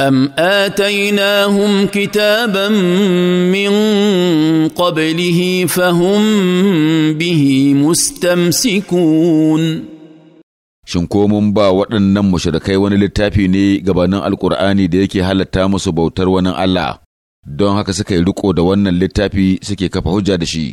أم آتيناهم كتابا من قبله فهم به مستمسكون Shin ko mun ba waɗannan mashirikai wani littafi ne gabanin Alƙur'ani da yake halatta musu bautar wani Allah, don haka suka yi riko da wannan littafi suke kafa hujja da shi.